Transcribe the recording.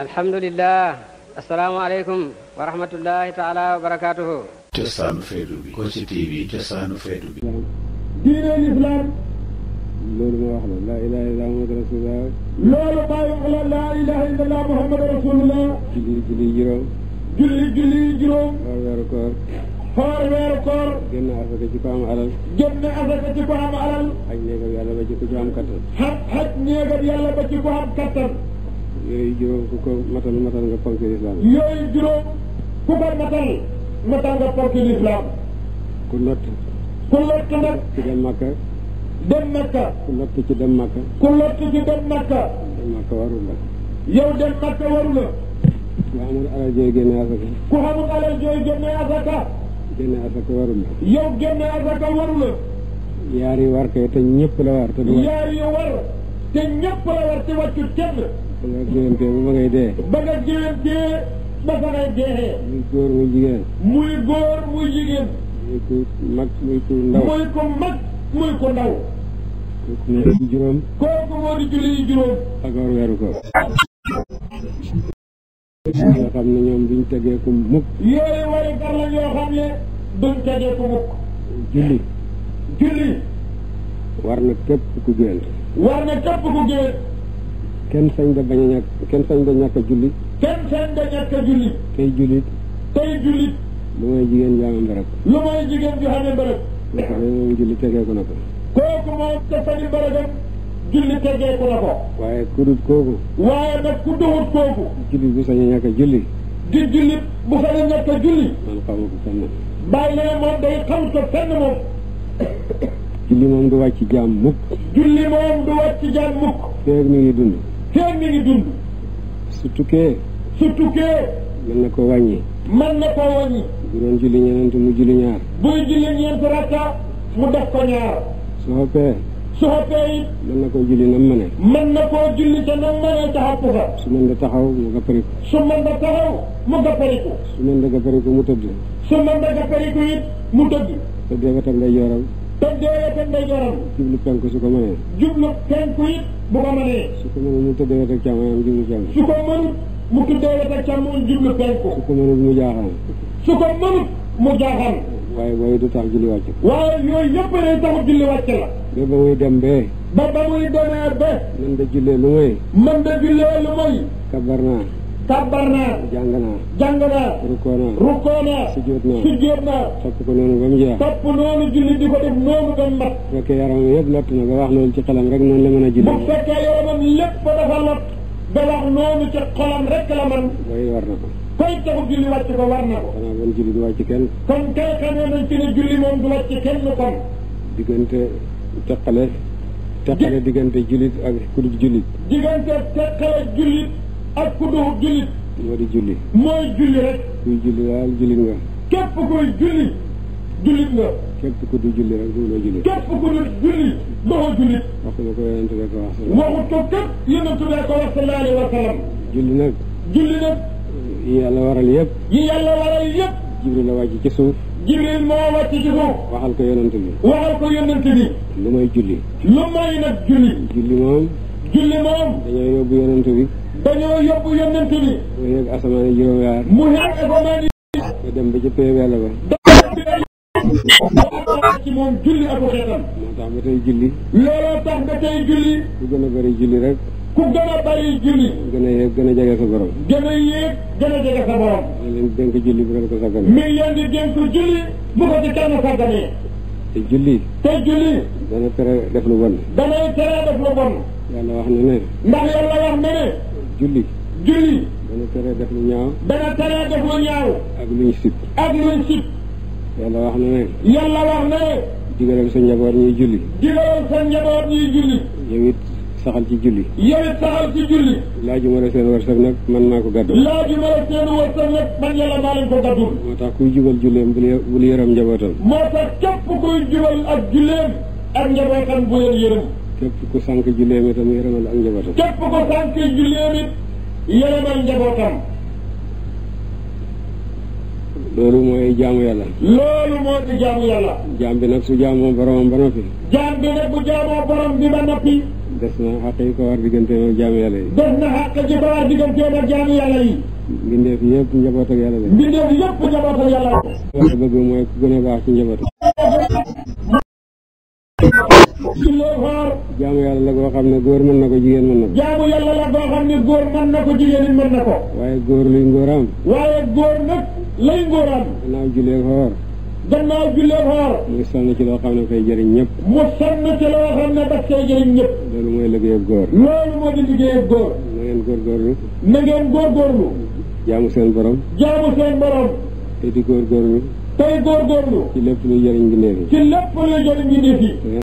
الحمد لله السلام عليكم ورحمة الله تعالى وبركاته جسان فيدوبي كوشي تي في جسان فيدوبي دين الإسلام لول واحد لا إله إلا محمد رسول الله لول باي لا إله إلا الله محمد رسول الله جلي جلي جرو جلي جلي جرو ويركور xoor weeru koor génn asaka ci ko am alal génn asaka ci ko am alal xaj néegab yàlla ba ci ko ci am kattan yooyu juróom ku ko matal matal nga ponk lislaam yooyu juróom ku ko matal matal nga ponk lislaam ku lott ku lott nag ci dem makka dem makka ku lott ci dem makka ku lott ci dem makka dem makka warul dem makka ku xamul alal jooy génne asaka ku xamul la yow génne asaka waru la yaar yi war kay te ñëpp la war te du yaar yi war te ñëpp la war te wàccu kenn ba nga jëwantee ba ba ngay dee. ba nga jëwantee ba fa ngay dee. muy góor muy jigéen. muy góor muy jigéen. muy ku mag muy ku ndaw. muy ku juróom. kooku moo di julli juróom. ak war weeru ko. yoo xam ne julli. julli. war na képp ku génn. war na képp ku génn. kenn sañ da bañ a ñàkk kenn sañ da ñàkk a julli. kenn sañ da ñàkk a julli. tey jullit. tey jullit. lu may jigéen ju amee mbarab. lu may jigéen ju amee mbarab. nga xam ne moom julli tegeeku na ko. kooku moom te na ko. waaye ku kooku. waaye nag ku duwut kooku. jullit bu sañ a ñàkk a julli. di jullit bu sañ a ñàkk a julli. man xamu ko fenn. bàyyi la moom day xam ko fenn moom. julli moom du wàcc jaam mukk. julli moom du wàcc jaam mukk. feeg mi ngi dund. feeg mi ngi dund. su tukkee. su tukkee. mën na ko wàññi. mën na ko wàññi. bu doon julli ñeent mu julli ñaar. buy julli ñeent rakka mu def ko ñaar. su xoppee. su xoppee it. mën na koo julli nam mëne. mën na koo julli te nam mëne ca xapp fa. su mën da taxaw mu gappariku. su mën da taxaw mu gappariku. su mën da gappariku mu tëdd. su mën da gappariku it mu tëdd. tëddee wetam ndeyjooram. te dee te ndey joram. jublu penku su ko mënee. jublu penku it bu ko mënee. su ko mënul mu tëddee wet ak càmmoñ jublu penku. jublu penku. su ko mënul mu jaaxaan. su ko mënul mu jaaxaan. waaye waaye du tax julli wàcc. waaye yooyu yëpp day tax julli wàcc la. ba ba muy dem bee. ba ba demee bee. man de jullee lu mooy. man da jullee lu mooy. kabar naa. kàbbar naa. jàng naa. jàng naa. rukkoo naa. rukkoo naa. sujjóot naa. sujjóot naa. topp ko noonu ba mu jeex. topp noonu julli di ko def noonu ba mu mat. bu fekkee yaramam yëpp lott na ba wax loolu ci xelam rek noonu la mën a julli. bu fekkee yaramam lépp dafa lott ba wax noonu ci xolam rek la man. loolu war na ko. koy taxu julli wàcc ko war na ko. xanaa bon julli du wàcc kenn. kon kay xamee nañ ci ne julli moom du wàcc kenn kon. diggante teqale. teqale diggante jullit ak ku dul jullit. ak ku dul jullit. moo di julli. mooy julli rek. kuy julli daal jullit nga. képp kuy jullit nga. képp ku dul rek doo julli. képp ku dul julli jullit. waxuñu ko yonent bee ko wax. waxut ko képp yonent bee wax sallallahu alayhi wa sallam. julli nag. julli nag. yi yàlla waral yëpp. yi yàlla waral yëpp. jibril la wàcc ci suuf. jibril moo wàcc ci suuf. waxal ko yonent bi. waxal ko yonent bi. lu may julli. lu may nag julli. julli moom. julli moom. dañoo yóbbu yonent bi. dañoo yóbbu yonent bi. mu yegg asamaan juróom-ñaar. mu yegg ko sàgganee. mi julli bu ko kenn sàgganee. te julli. te julli. dana tere def lu bon. danay tere def lu bon. yàlla wax na ne. ndax yàlla wax na ne. julli. julli. dana teree def lu ñaaw. dana teree def lu ñaaw. ak luñ sib. ak luñ sib. yàlla wax na ne. yàlla wax na ne. sa njaboot ñuy julli. digalal sa njaboot ñuy julli. yow saxal ci julli. yow saxal ci julli. laajuma la seen wërsëg nag man maa ko gàddu. laajuma la seen wërsëg nag man yàlla maa leen ko gàddu. moo tax kuy jubal julleem bul yërëm njabootam. moo tax képp kuy jubal ak julleem ak njabootam képp ku sànq julleem itam yërëmal ak njabootam képp ku sànq julleem it yërëmal njabootam loolu mooy jaamu yàlla loolu moo di jaamu yàlla jaam bi nag su jamu boromam ba noppi Jam bi nag bu jaamoo borom bi ba noppi des na xàq yi ko war digganteem ak jaamu yàlla yi des na xàq ji ko war digganteem ak jaamu yàlla yi mbindeef yëpp njaboot ak ak bëgg ku baax ci ci loofaar jaamu yàlla la goo xam ne góor mën na ko jigéen mën na ko jaamu yàlla la koo xam ne góor mën na ko jigéen it mën na ko waaye góor luy ngóoram waaye góor nag lay ngóoram gannaaw julee xoor gannaaw julee xoor muy sonn ci loo xam ne fay jëriñ ñëpp mu sonn ci loo xam ne daf fay jëriñ ñëpp loolu mooy liggéeyab góor loolu moo di liggéeyab góor na ngeen góorgóorlu na ngeen góorgóorlu jaamu seen borom jaamu seen borom te di góorgóorlu tey góorgóorlu ci lépp luy jëriñ bindee ci